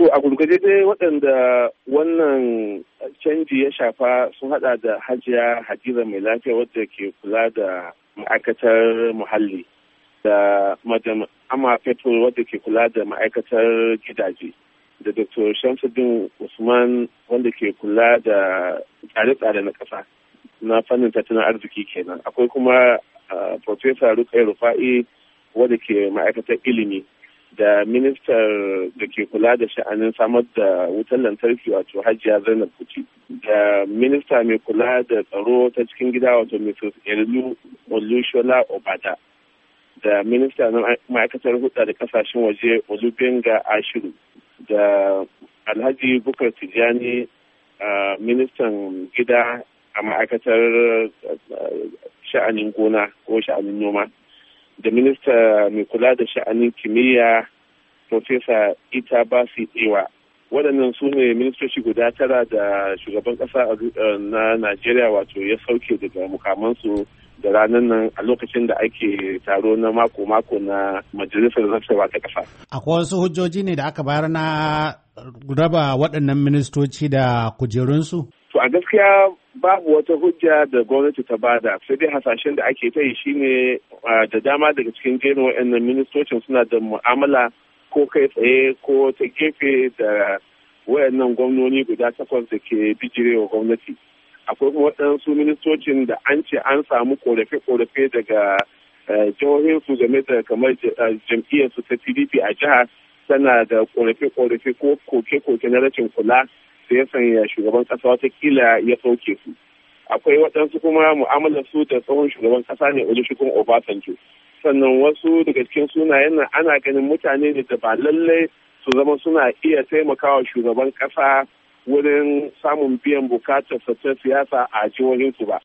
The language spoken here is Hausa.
To a gurguje dai waɗanda wannan canji ya shafa sun haɗa da hajiya hadiza mai lafiya wadda ke kula da ma'aikatar muhalli da madam ama fetur wadda ke kula da ma'aikatar gidaje da dr shamsuddin usman wanda ke kula da tsare-tsare na ƙasa na fannin tattalin arziki kenan akwai kuma ah, professor rukai rufa'i wadda ke ma'aikatar ilimi da ministar da ke kula da sha'anin samar da wutar lantarki wato hajiya zainab kuti da minista mai kula da tsaro ta cikin gida wato mrs elu olushola obada da minista na ma'aikatar hudu da kasashen waje olubenga ashiru da alhaji bukar tijjani ministan gida a ma'aikatar sha'anin gona ko sha'anin noma da minista mai kula da sha'anin kimiyya profesa ita basi tsewa waɗannan su ne ministoci guda tara da shugaban ƙasa eh, na najeriya wato ya sauke daga mukamansu da ranar nan a lokacin da ake taro na mako-mako na majalisar zartarwa ta ƙasa. akwai wasu hujjoji ne da aka bayar na raba waɗannan ministoci da kujerunsu? to a gaskiya babu wata hujja da gwamnati ta bada sai dai hasashen da ake ta yi shine da dama daga cikin jerin wa'annan ministocin suna da mu'amala ko kai tsaye ko ta gefe da wayannan gwamnoni guda takwas da ke bijirewa gwamnati akwai kuma waɗansu ministocin da an ce an samu korafe-korafe daga su game da kamar jam'iyyarsu ta pdp a jihar tana da korafe-korafe ko koke-koke na rashin kula sanya shugaban kasa watakila ya sauke su akwai waɗansu kuma mu'amalar su da tsohon shugaban kasa ne olushikun obasanjo sannan wasu daga cikin sunayen nan ana ganin mutane ne da ba lallai su zama suna iya taimakawa shugaban kasa wurin samun biyan bukatar ta siyasa a jihohinsu ba